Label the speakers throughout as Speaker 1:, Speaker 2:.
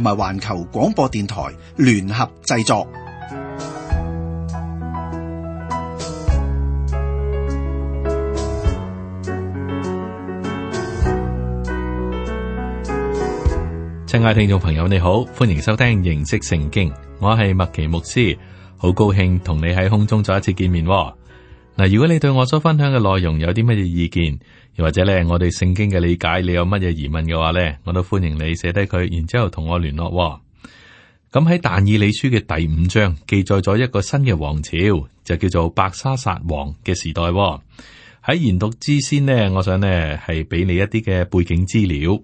Speaker 1: 同埋環球廣播電台聯合製作。親愛的聽眾朋友，你好，歡迎收聽認識聖經，我係麥奇牧師，好高興同你喺空中再一次見面。嗱，如果你對我所分享嘅內容有啲乜嘢意見，又或者咧我哋聖經嘅理解，你有乜嘢疑問嘅話咧，我都歡迎你寫低佢，然之後同我聯絡喎。咁喺但以理書嘅第五章記載咗一個新嘅王朝，就叫做伯沙撒王嘅時代喎。喺研讀之先呢，我想呢係俾你一啲嘅背景資料。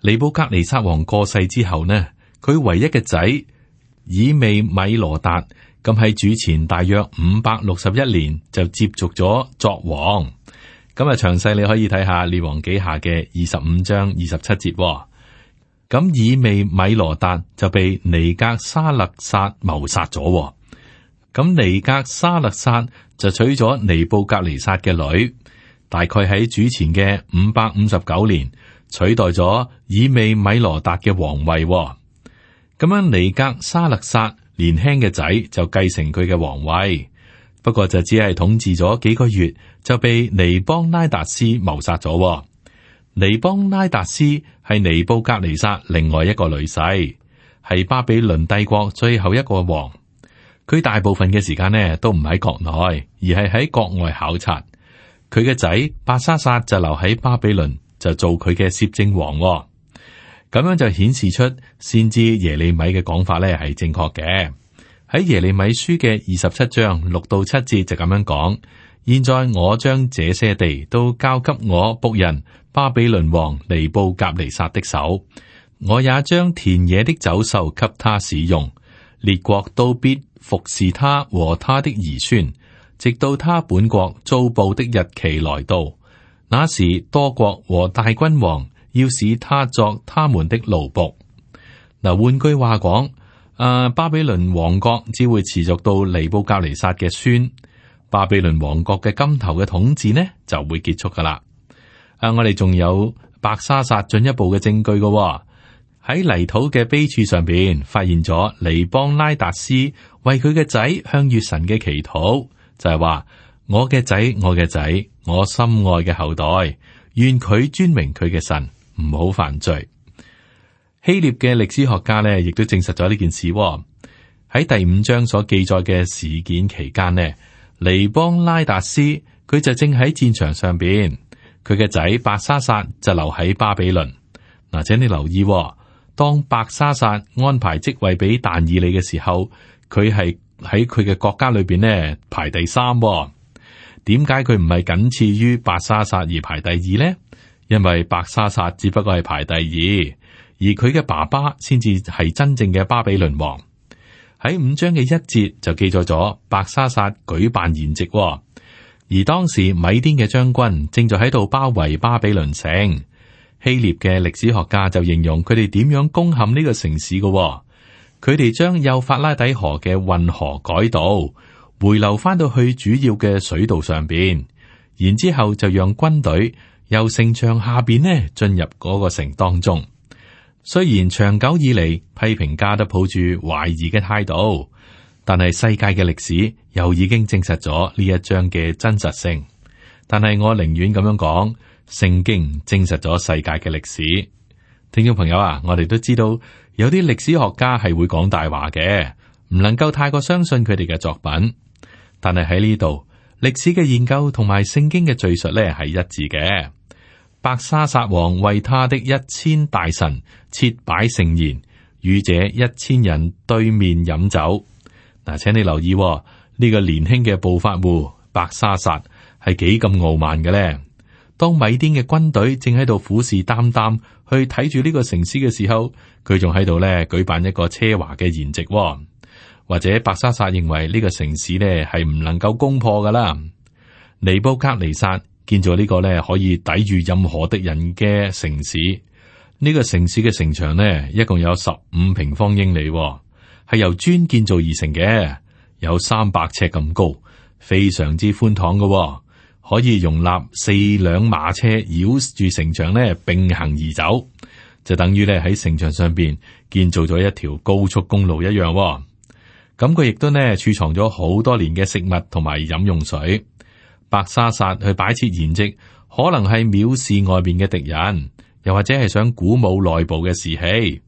Speaker 1: 尼布甲尼撒王過世之後呢，佢唯一嘅仔以未米羅達。咁喺主前大約五百六十一年就接續咗作王，咁啊詳細你可以睇下《列王記下》嘅二十五章二十七節。咁以未米羅達就被尼格沙勒薩謀殺咗，咁尼格沙勒薩就娶咗尼布甲尼撒嘅女，大概喺主前嘅五百五十九年取代咗以未米羅達嘅皇位。咁樣尼格沙勒薩。年輕嘅仔就繼承佢嘅皇位，不過就只係統治咗幾個月，就被尼邦拉達斯謀殺咗。尼邦拉達斯係尼布格尼薩另外一個女婿，係巴比倫帝國最後一個王。佢大部分嘅時間呢都唔喺國內，而係喺國外考察。佢嘅仔白莎沙就留喺巴比倫，就做佢嘅攝政王。咁樣就顯示出先知耶利米嘅講法呢係正確嘅。喺耶利米書嘅二十七章六到七節就咁樣講：現在我將這些地都交給我僕人巴比倫王尼布甲尼撒的手，我也將田野的走獸給他使用，列國都必服侍他和他的兒孫，直到他本國遭報的日期來到。那時多國和大君王，要使他作他們的奴僕。嗱，換句話講，啊，巴比倫王國只會持續到尼布甲尼撒嘅孫，巴比倫王國嘅金頭嘅統治呢就會結束噶啦。啊，我哋仲有伯沙撒進一步嘅證據嘅、哦，喺泥土嘅碑柱上邊發現咗尼邦拉達斯為佢嘅仔向月神嘅祈禱，就係話我嘅仔，我嘅仔，我心愛嘅後代，願佢尊名佢嘅神。唔好犯罪。希臘嘅歷史學家呢，亦都證實咗呢件事喎、哦。喺第五章所記載嘅事件期間呢，尼邦拉達斯佢就正喺戰場上邊，佢嘅仔白沙薩就留喺巴比倫。嗱，請你留意、哦，當白沙薩安排職位俾但以理嘅時候，佢係喺佢嘅國家裏邊呢排第三、哦。點解佢唔係僅次於白沙薩而排第二呢？因為伯沙撒只不過係排第二，而佢嘅爸爸先至係真正嘅巴比倫王。喺五章嘅一節就記載咗伯沙撒舉辦筵席，哦，而當時米顛嘅將軍正在喺度包圍巴比倫城。希臘嘅歷史學家就形容佢哋點樣攻陷呢個城市嘅，哦。佢哋將幼發拉底河嘅運河改道回流，翻到去主要嘅水道上邊，然之後就讓軍隊。由城牆下邊呢，進入嗰個城當中。雖然長久以嚟批評家都抱住懷疑嘅態度，但係世界嘅歷史又已經證實咗呢一章嘅真實性。但係我寧願咁樣講，聖經證實咗世界嘅歷史。聽眾朋友啊，我哋都知道有啲歷史學家係會講大話嘅，唔能夠太過相信佢哋嘅作品。但係喺呢度，歷史嘅研究同埋聖經嘅敘述呢係一致嘅。伯沙撒王為他的一千大臣設擺盛宴，與這一千人對面飲酒。嗱，請你留意呢、哦呢個年輕嘅暴發戶伯沙撒係幾咁傲慢嘅呢？當米顛嘅軍隊正喺度虎視眈眈去睇住呢個城市嘅時候，佢仲喺度呢，舉辦一個奢華嘅筵席。或者伯沙撒認為呢個城市呢係唔能夠攻破噶啦。尼布甲尼撒，建造呢個咧可以抵禦任何的人嘅城市，呢、這個城市嘅城牆呢，一共有十五平方英里、哦，係由磚建造而成嘅，有三百尺咁高，非常之寬敞嘅、哦，可以容納四輛馬車繞住城牆呢並行而走，就等於咧喺城牆上邊建造咗一條高速公路一樣、哦。咁佢亦都呢儲藏咗好多年嘅食物同埋飲用水。白沙撒去擺設筵席，可能係藐視外面嘅敵人，又或者係想鼓舞內部嘅士氣。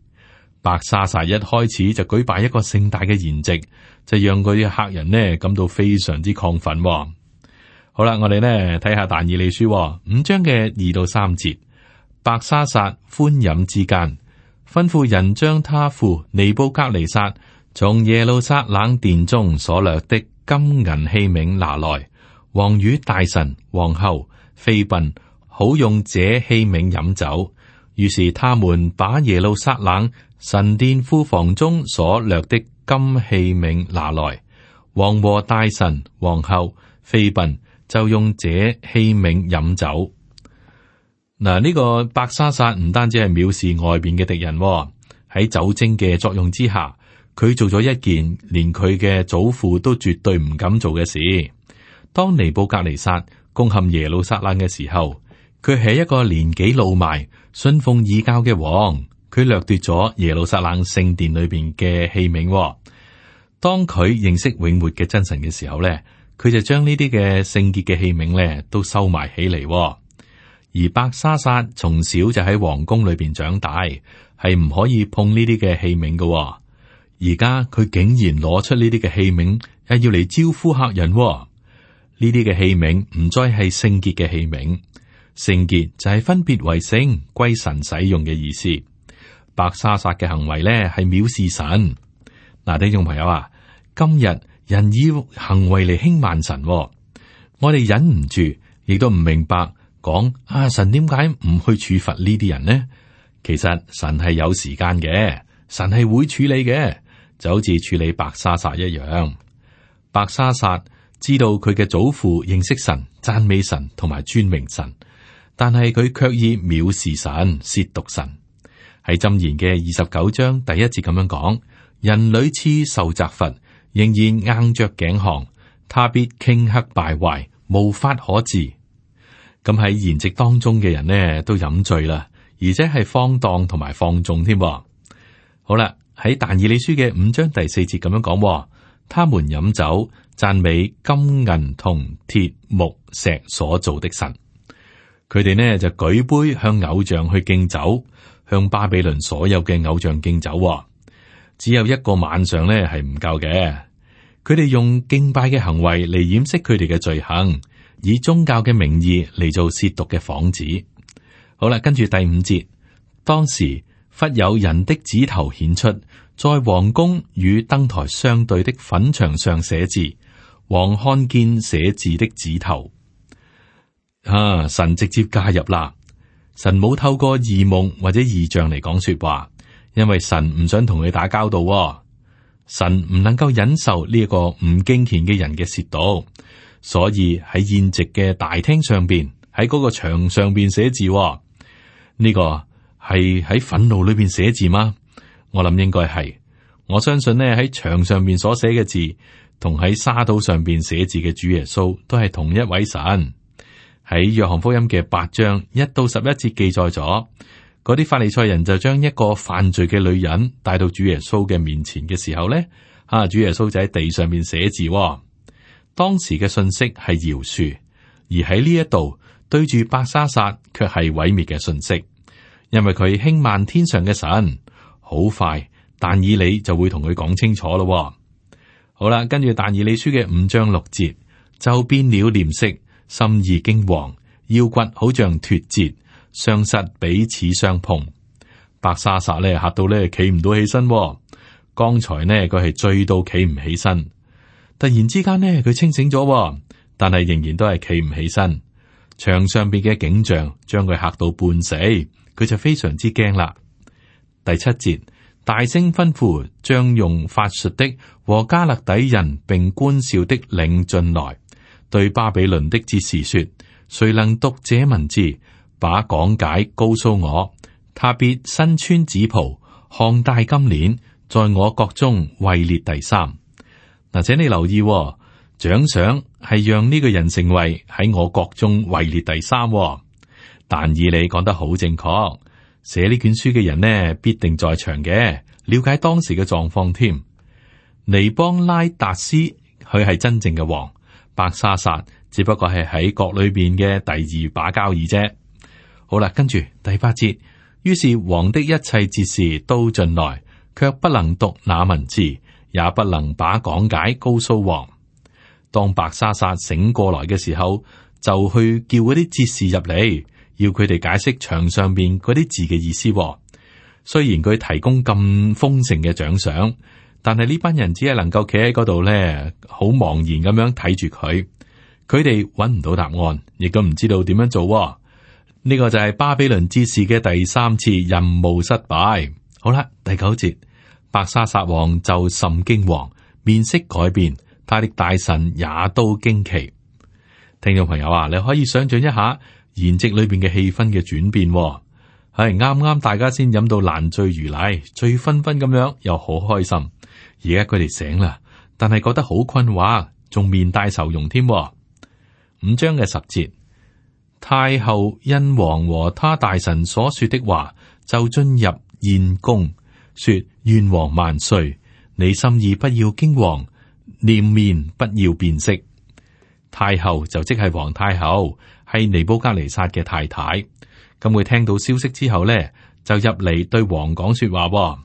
Speaker 1: 白沙撒一開始就舉辦一個盛大嘅筵席，就讓佢嘅客人呢感到非常之亢奮。好啦，我哋呢睇下《但以理書、哦》五章嘅二到三節。白沙撒歡飲之間，吩咐人將他父尼布甲尼撒從耶路撒冷殿中所掠的金銀器皿拿來。王與大臣、皇后、妃嬪好用這器皿飲酒。於是他們把耶路撒冷神殿庫房中所掠的金器皿拿來，王和大臣、皇后、妃嬪就用這器皿飲酒。嗱，呢個白沙沙唔單止係藐視外邊嘅敵人喎，喺酒精嘅作用之下，佢做咗一件連佢嘅祖父都絕對唔敢做嘅事。當尼布格尼撒攻陷耶路撒冷嘅時候，佢係一個年紀老邁、信奉異教嘅王。佢掠奪咗耶路撒冷聖殿裏邊嘅器皿。當佢認識永活嘅真神嘅時候咧，佢就將呢啲嘅聖潔嘅器皿咧都收埋起嚟。而伯沙撒從小就喺皇宮裏邊長大，係唔可以碰呢啲嘅器皿嘅。而家佢竟然攞出呢啲嘅器皿，又要嚟招呼客人。呢啲嘅器皿唔再係聖潔嘅器皿，聖潔就係分別為聖歸神使用嘅意思。伯沙撒嘅行為咧係藐視神。嗱、啊，聽眾朋友啊，今日人以行為嚟輕慢神、哦，我哋忍唔住，亦都唔明白，講啊神點解唔去處罰呢啲人呢？其實神係有時間嘅，神係會處理嘅，就好似處理伯沙撒一樣，伯沙撒。知道佢嘅祖父認識神、讚美神同埋尊明神，但係佢卻以藐視神、褻瀆神。喺《箴言》嘅二十九章第一節咁樣講：人屢次受責罰，仍然硬着頸項，他必頃刻敗壞，無法可治。咁喺筵席當中嘅人呢，都飲醉啦，而且係荒蕩同埋放縱添。好啦，喺但以理書嘅五章第四節咁樣講，他們飲酒。讚美金、銀、銅、鐵、木、石所造的神，佢哋呢就舉杯向偶像去敬酒，向巴比倫所有嘅偶像敬酒。只有一個晚上呢係唔夠嘅，佢哋用敬拜嘅行為嚟掩飾佢哋嘅罪行，以宗教嘅名義嚟做褻瀆嘅幌子。好啦，跟住第五節，當時忽有人的指頭顯出，在王宮與燈臺相對的粉牆上寫字。王看見寫字的指頭，啊！神直接介入啦，神冇透過異夢或者異象嚟講說話，因為神唔想同佢打交道喎，神唔能夠忍受呢一個唔經虔嘅人嘅褻瀆，所以喺宴席嘅大廳上邊，喺嗰個牆上邊寫字喎。呢個係喺憤怒裏邊寫字嗎？我諗應該係，我相信呢喺牆上邊所寫嘅字。同喺沙島上邊寫字嘅主耶穌都係同一位神。喺約翰福音嘅八章一到十一節記載咗，嗰啲法利賽人就將一個犯罪嘅女人帶到主耶穌嘅面前嘅時候咧，啊，主耶穌就喺地上面寫字。當時嘅信息係饒恕，而喺呢一度對住伯沙撒卻係毀滅嘅信息，因為佢輕慢天上嘅神。好快，但以理就會同佢講清楚咯。好啦，跟住《但以理書》嘅五章六節，就變了臉色，心意驚惶，腰骨好像脫節，雙膝彼此相碰，伯沙撒咧嚇到咧企唔到起身。剛才呢，佢係醉到企唔起身，突然之間呢，佢清醒咗，但係仍然都係企唔起身。牆上邊嘅景象將佢嚇到半死，佢就非常之驚啦。第七節。大聲吩咐將用法術的和加勒底人並觀兆的領進來，對巴比倫的哲士說：誰能讀這文字，把講解告訴我？他必身穿紫袍、項帶金鍊，在我國中位列第三。嗱，請你留意喎，獎賞係讓呢個人成為喺我國中位列第三喎。但以你講得好正確。寫呢卷書嘅人呢，必定在場嘅，了解當時嘅狀況添。尼邦拉達斯佢係真正嘅王，伯沙撒只不過係喺國裏邊嘅第二把交椅啫。好啦，跟住第八節，於是王的一切哲士都進來，卻不能讀那文字，也不能把講解告訴王。當伯沙撒醒過來嘅時候，就去叫嗰啲哲士入嚟。要佢哋解釋牆上邊嗰啲字嘅意思，哦。雖然佢提供咁豐盛嘅獎賞，但係呢班人只係能夠企喺嗰度咧，好茫然咁樣睇住佢。佢哋揾唔到答案，亦都唔知道點樣做，哦。呢個就係巴比倫之士嘅第三次任務失敗。好啦，第九節，伯沙撒王就甚驚惶，面色改變，他的大臣也都驚奇。聽眾朋友啊，你可以想象一下。筵席裏邊嘅氣氛嘅轉變、哦，係啱啱大家先飲到爛醉如泥、醉醺醺咁樣，又好開心。而家佢哋醒啦，但係覺得好困惑，仲面帶愁容添。五章嘅十節，太后因王和他大臣所說的話，就進入宴宮，說：願王萬歲，你心意不要驚惶，臉面不要變色。太后就即係皇太后，係尼布甲尼撒嘅太太。咁佢聽到消息之後咧，就入嚟對王講說話。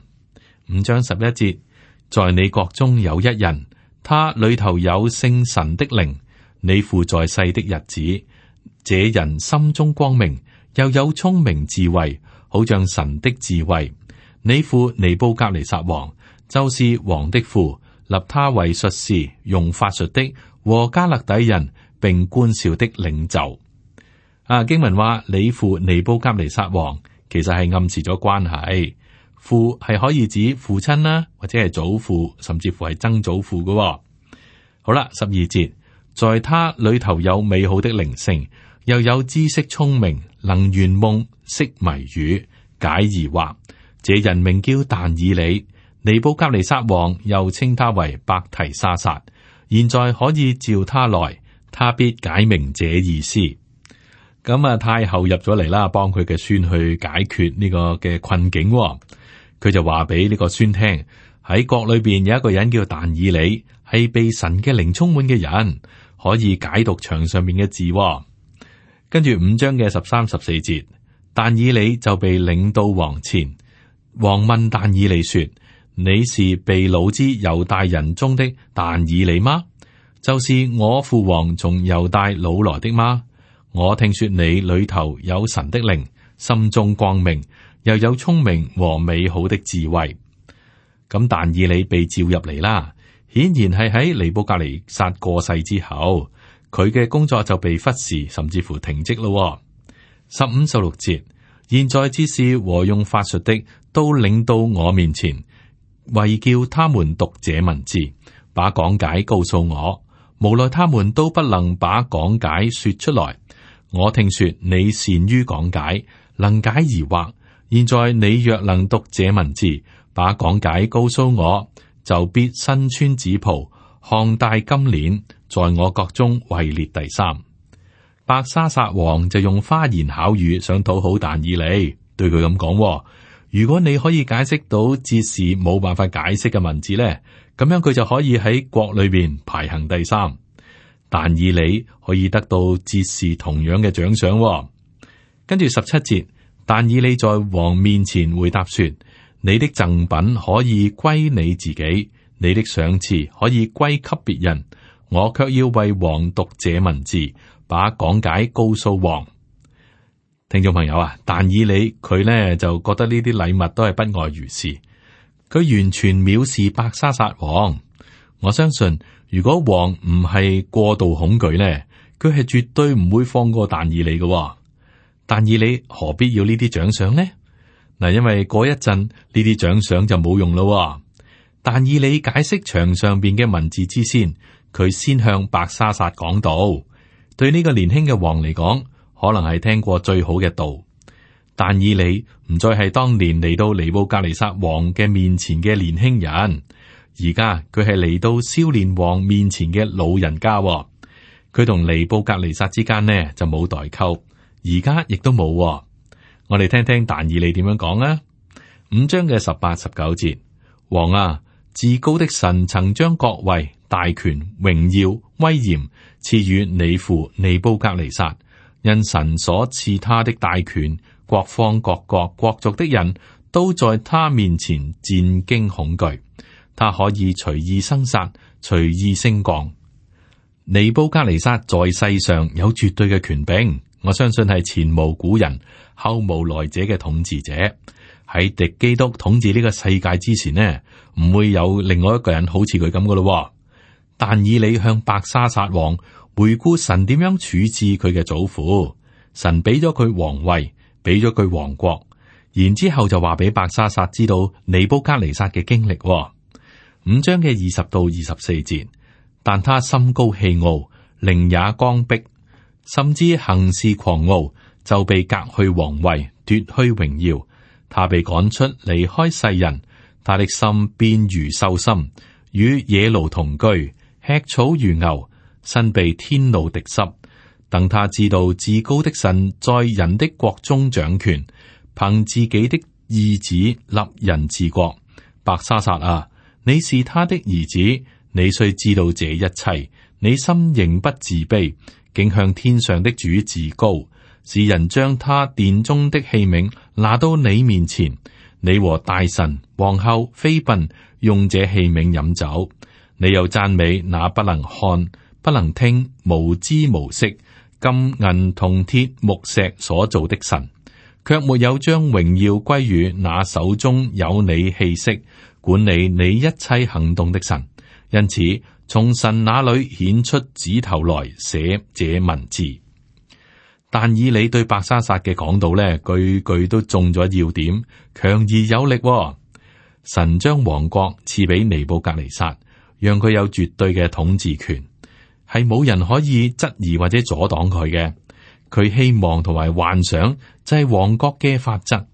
Speaker 1: 五章十一節， 在你國中有一人，他裏頭有聖神的靈。你父在世的日子，這人心中光明，又有聰明智慧，好像神的智慧。你父尼布甲尼撒王，就是王的父，立他為術士，用法術的。和迦勒底人並觀兆的領袖，啊，經文話你父尼布甲尼撒王，其實係暗示咗關係。父係可以指父親啦，或者係祖父，甚至乎係曾祖父嘅。好啦，十二節，在他裏頭有美好的靈性，又有知識聰明，能圓夢，釋謎語，解疑惑。這人名叫但以理，尼布甲尼撒王又稱他為伯提沙撒。現在可以召他來，他必解明這意思。咁啊，太后入咗嚟啦，幫佢嘅孫去解決呢個嘅困境，哦。佢就話俾呢個孫聽，喺國裏邊有一個人叫但以理，係被神嘅靈充滿嘅人，可以解讀牆上面嘅字，哦。跟住五章嘅十三十四節，但以理就被領到王前，王問但以理說。你是被擄之猶大人中的但以理嗎？就是我父王從猶大擄來的嗎？我聽說你裏頭有神的靈，心中光明，又有聰明和美好的智慧。咁但以理被召入嚟啦，顯然係喺尼布甲尼撒過世之後，佢嘅工作就被忽視，甚至乎停職咯。十五、十六節，現在哲士和用法術的都領到我面前。為叫他們讀這文字，把講解告訴我，無奈他們都不能把講解說出來。我聽說你善於講解，能解疑惑。現在你若能讀這文字，把講解告訴我，就必身穿紫袍，項戴金鏈，在我國中位列第三。伯沙撒王就用花言巧語想討好但以理，對佢咁講。如果你可以解釋到哲士冇辦法解釋嘅文字呢，咁樣佢就可以喺國裏邊排行第三。但以理可以得到哲士同樣嘅獎賞。跟住十七節，但以理在王面前回答說：你的贈品可以歸你自己，你的賞賜可以歸給別人，我卻要為王讀這文字，把講解告訴王。聽眾朋友啊，但以理佢咧就覺得呢啲禮物都係不外如是，佢完全藐視伯沙撒王。我相信如果王唔係過度恐懼咧，佢係絕對唔會放過但以理嘅。但以理何必要呢啲獎賞呢？嗱，因為過一陣呢啲獎賞就冇用咯。但以理解釋牆上邊嘅文字之先，佢先向伯沙撒講道：對呢個年輕嘅王嚟講。可能係聽過最好嘅道，但以理唔再係當年嚟到尼布格尼撒王嘅面前嘅年輕人，而家佢係嚟到少年王面前嘅老人家，哦。佢同尼布格尼撒之間呢就冇代溝，而家亦都冇。我哋聽聽但以理點樣講呢？五章嘅十八十九節，王啊，至高的神曾將國位、大權、榮耀、威嚴賜予你父尼布格尼撒。因神所賜他的大權，各方各國各族的人都在他面前戰驚恐懼。他可以隨意生殺，隨意升降。尼布加尼沙在世上有絕對嘅權柄，我相信係前無古人後無來者嘅統治者。喺敵基督統治呢個世界之前呢，唔會有另外一個人好似佢咁嘅咯。但以理向伯沙撒王。回顧神點樣處置佢嘅祖父，神俾咗佢皇位，俾咗佢王國，然之後就話俾伯沙撒知道尼布甲尼撒嘅經歷，哦。五章嘅二十到二十四節，但他心高氣傲，靈也剛愎，甚至行事狂傲，就被革去王位，奪去榮耀。他被趕出，離開世人，他的心變如獸心，與野驢同居，吃草如牛。身被天露滴濕，等他知道至高的神在人的國中掌權，憑自己的意旨立人治國。白莎薩啊，你是他的兒子，你需知道這一切。你心仍不自卑，竟向天上的主自高，使人將他殿中的器皿拿到你面前，你和大臣、皇后妃、妃嬪用這器皿飲酒，你又贊美那不能看。不能聽無知無識金銀銅鐵木石所造的神，却沒有將榮耀歸於那手中有你氣息、管理你一切行動的神。因此，從神那裏顯出指頭來寫這文字。但以理對伯沙撒嘅講道呢，句句都中咗要點，強而有力、哦。神將王國賜俾尼布甲尼撒，讓佢有絕對嘅統治權。係冇人可以質疑或者阻擋佢嘅，佢希望同埋幻想就係王國嘅法則。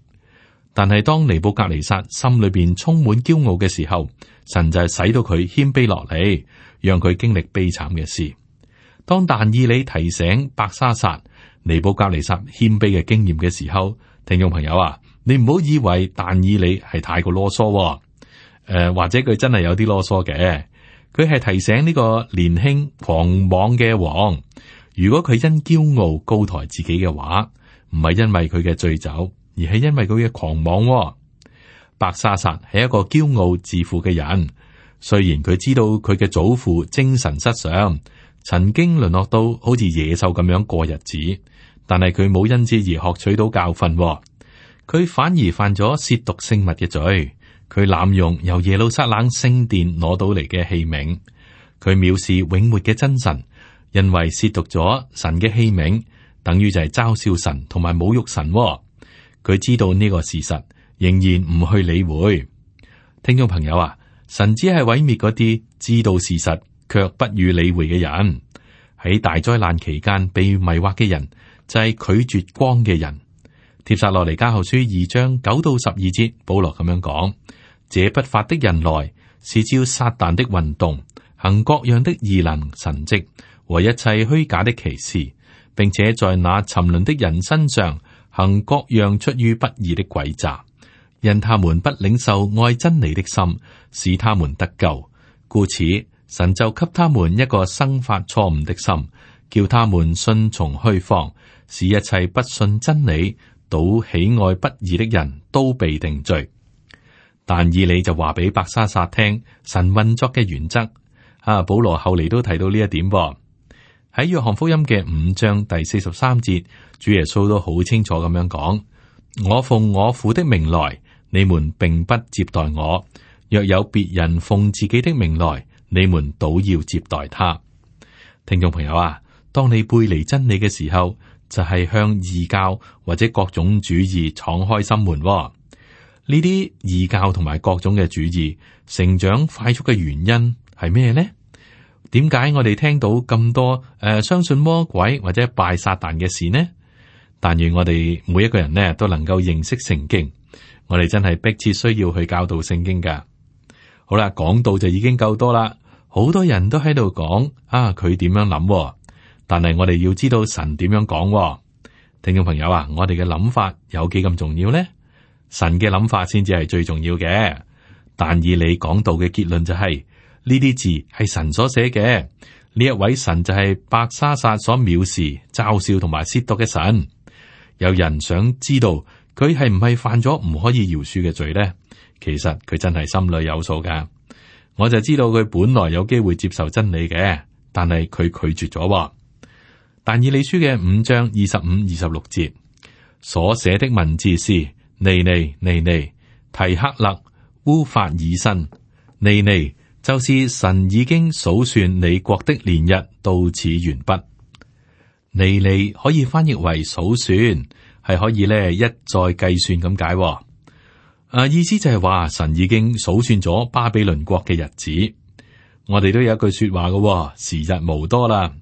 Speaker 1: 但係當尼布格尼撒心裏邊充滿驕傲嘅時候，神就係使到佢謙卑落嚟，讓佢經歷悲慘嘅事。當但以理提醒白沙撒尼布格尼撒謙卑嘅經驗嘅時候，聽眾朋友啊，你唔好以為但以理係太過囉嗦，哦，誒、呃、或者佢真係有啲囉嗦嘅。佢係提醒呢個年輕狂妄嘅王，如果佢因驕傲高抬自己嘅話，唔係因為佢嘅醉酒，而係因為佢嘅狂妄、哦。伯沙撒係一個驕傲自負嘅人，雖然佢知道佢嘅祖父精神失常，曾經淪落到好似野獸咁樣過日子，但係佢冇因之而學取到教訓、哦，佢反而犯咗褻瀆聖物嘅罪。佢濫用由耶路撒冷聖殿攞到嚟嘅器皿，佢藐視永活嘅真神，因為褻瀆咗神嘅器皿，等於就係嘲笑神同埋侮辱神哦。佢知道呢個事實，仍然唔去理會。聽眾朋友啊，神只係毀滅嗰啲知道事實卻不予理會嘅人。喺大災難期間被迷惑嘅人，就係拒絕光嘅人。帖撒羅尼迦後書二章九到十二節，保羅咁樣講。這不法的人來，是照撒但的運動，行各樣的異能神迹和一切虛假的奇事，並且在那沉淪的人身上行各樣出於不義的詭詐，因他們不領受愛真理的心，使他們得救。故此，神就給他們一個生發錯誤的心，叫他們順從虛謊，使一切不信真理、倒喜愛不義的人都被定罪。但以理就話俾白莎薩聽神運作嘅原則，啊保羅後嚟都提到呢一點。喺約翰福音嘅五章第四十三節，主耶穌都好清楚咁樣講：我奉我父的名來，你們並不接待我；若有別人奉自己的名來，你們倒要接待他。聽眾朋友啊，當你背離真理嘅時候，就係向異教或者各種主義敞開心門。呢啲異教同埋各種嘅主義，成長快速嘅原因係咩呢？點解我哋聽到咁多誒、呃、相信魔鬼或者拜撒旦嘅事呢？但願我哋每一個人呢都能夠認識聖經，我哋真係迫切需要去教導聖經噶好啦，講到就已經夠多啦，好多人都喺度講啊，佢點樣諗、哦？但係我哋要知道神點樣講、哦。聽眾朋友啊，我哋嘅諗法有幾咁重要呢？神嘅諗法先至係最重要嘅。但以理講到嘅結論就係呢啲字係神所寫嘅，呢一位神就係伯沙撒所藐視、嘲笑同埋褻瀆嘅神。有人想知道佢係唔係犯咗唔可以饒恕嘅罪呢？其實佢真係心裏有數噶，我就知道佢本來有機會接受真理嘅，但係佢拒絕咗。但以理書嘅五章二十五、二十六節所寫的文字是。尼尼尼尼提克勒烏法爾新尼尼，就是神已經數算你國的年日到此完畢。尼尼可以翻譯為數算，係可以咧，一再計算咁解。啊，意思就係話神已經數算咗巴比倫國嘅日子。我哋都有一句說話嘅時日無多啦。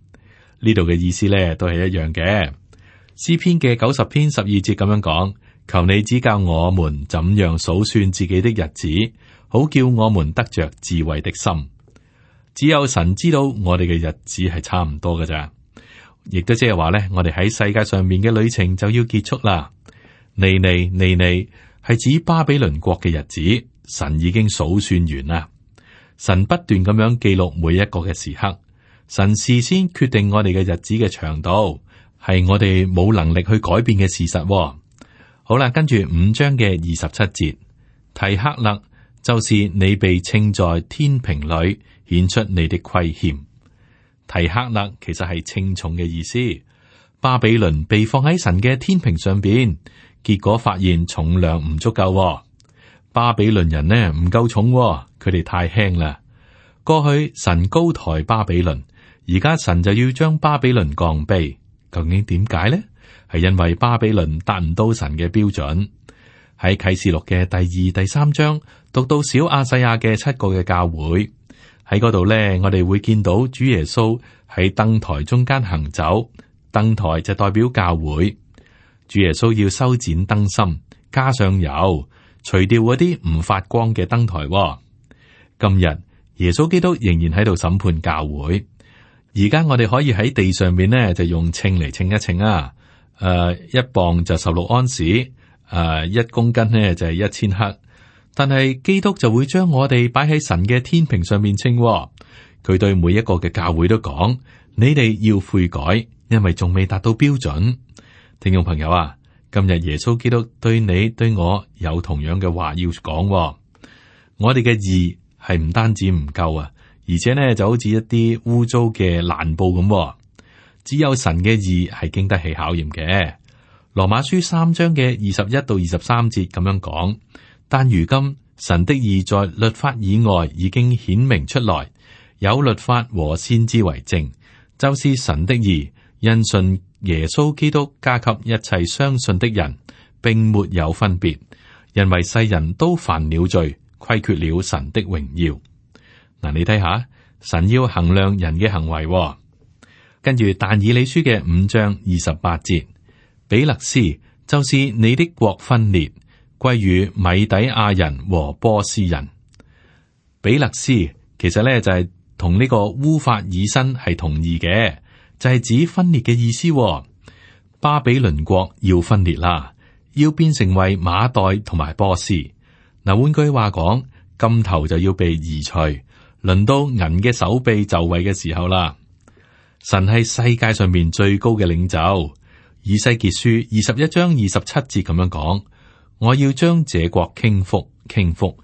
Speaker 1: 呢度嘅意思咧，都係一樣嘅。詩篇嘅九十篇十二節咁樣講。求你指教我們怎樣數算自己的日子，好叫我們得着智慧的心。只有神知道我哋嘅日子係差唔多㗎。咋亦都即係話咧，我哋喺世界上面嘅旅程就要結束啦。尼尼尼尼係指巴比倫國嘅日子，神已經數算完啦。神不斷咁樣記錄每一個嘅時刻，神事先決定我哋嘅日子嘅長度，係我哋冇能力去改變嘅事實。好啦，跟住五章嘅二十七節，提克勒就是你被稱在天平裏顯出你的虧欠。提克勒其實係稱重嘅意思。巴比倫被放喺神嘅天平上邊，結果發現重量唔足夠喎。巴比倫人呢，唔夠重喎，佢哋太輕啦。過去神高抬巴比倫，而家神就要將巴比倫降卑。究竟點解呢？係因為巴比倫達唔到神嘅標準。喺啟示錄嘅第二、第三章讀到小亞細亞嘅七個嘅教會喺嗰度咧，我哋會見到主耶穌喺燈台中間行走，燈台就代表教會。主耶穌要修剪燈芯，加上油，除掉嗰啲唔發光嘅燈台。今日耶穌基督仍然喺度審判教會。而家我哋可以喺地上面咧，就用秤嚟稱一稱啊。誒，一、uh, 磅就十六安士，誒，一公斤呢就係一千克。但係基督就會將我哋擺喺神嘅天平上面稱哦。佢對每一個嘅教會都講，你哋要悔改，因為仲未達到標準。聽眾朋友啊，今日耶穌基督對你、對我有同樣嘅話要講哦。我哋嘅義係唔單止唔夠啊，而且呢就好似一啲污糟嘅爛布咁。只有神嘅義係經得起考驗嘅，《羅馬書》三章嘅二十一到二十三節咁樣講。但如今神的義在律法以外已經顯明出來，有律法和先知為證，就是神的義。因信耶穌基督加給一切相信的人，並沒有分別，因為世人都犯了罪，虧缺了神的榮耀。嗱、呃，你睇下，神要衡量人嘅行為，哦。跟住但以理書嘅五章二十八節，比勒斯，就是你的國分裂，歸於米底亞人和波斯人。比勒斯其實咧就係同呢個烏法爾新係同意嘅，就係、是、指分裂嘅意思、哦。巴比倫國要分裂啦，要變成為馬代同埋波斯。嗱，換句話講，金頭就要被移除，輪到銀嘅手臂就位嘅時候啦。神係世界上面最高嘅領袖，《以西結書》二十一章二十七節咁樣講：我要將這國傾覆，傾覆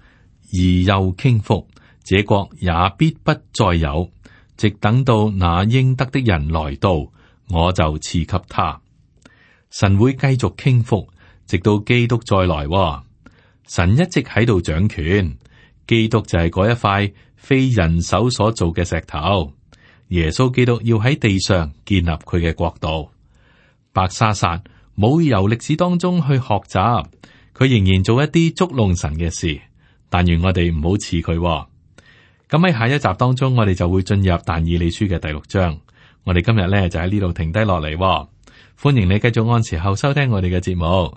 Speaker 1: 而又傾覆，這國也必不再有。直等到那應得的人來到，我就賜給他。神會繼續傾覆，直到基督再來。神一直喺度掌權，基督就係嗰一塊非人手所做嘅石頭。耶穌基督要喺地上建立佢嘅國度。伯沙撒冇由歷史當中去學習，佢仍然做一啲捉弄神嘅事。但願我哋唔好似佢。咁喺下一集當中，我哋就會進入但以理書嘅第六章。我哋今日咧就喺呢度停低落嚟。歡迎你繼續按時候收聽我哋嘅節目。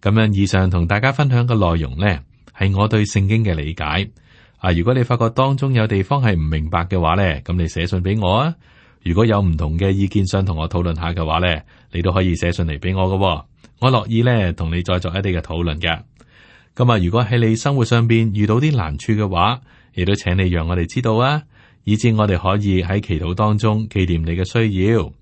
Speaker 1: 咁樣以上同大家分享嘅內容呢，係我對聖經嘅理解。啊！如果你發覺當中有地方係唔明白嘅話呢，咁你寫信俾我啊！如果有唔同嘅意見想同我討論下嘅話呢，你都可以寫信嚟俾我㗎，我樂意呢同你再作一啲嘅討論嘅。咁啊，如果喺你生活上邊遇到啲難處嘅話，亦都請你讓我哋知道啊，以至我哋可以喺祈禱當中紀念你嘅需要。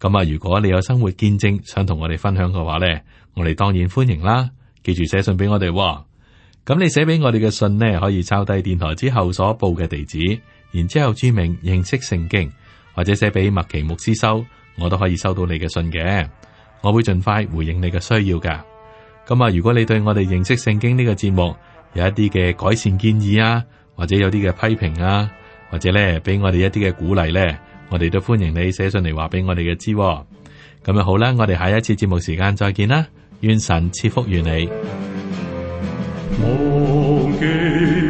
Speaker 1: 咁啊，如果你有生活見證想同我哋分享嘅話呢，我哋當然歡迎啦。記住寫信俾我哋。咁你寫俾我哋嘅信呢，可以抄低電台之後所報嘅地址，然之後注明認識聖經，或者寫俾麥奇牧師收，我都可以收到你嘅信嘅。我會盡快回應你嘅需要噶。咁啊，如果你對我哋認識聖經呢個節目有一啲嘅改善建議啊，或者有啲嘅批評啊，或者咧俾我哋一啲嘅鼓勵咧，我哋都歡迎你寫信嚟話俾我哋嘅知。咁啊，好啦，我哋下一次節目時間再見啦，願神賜福於你。忘記。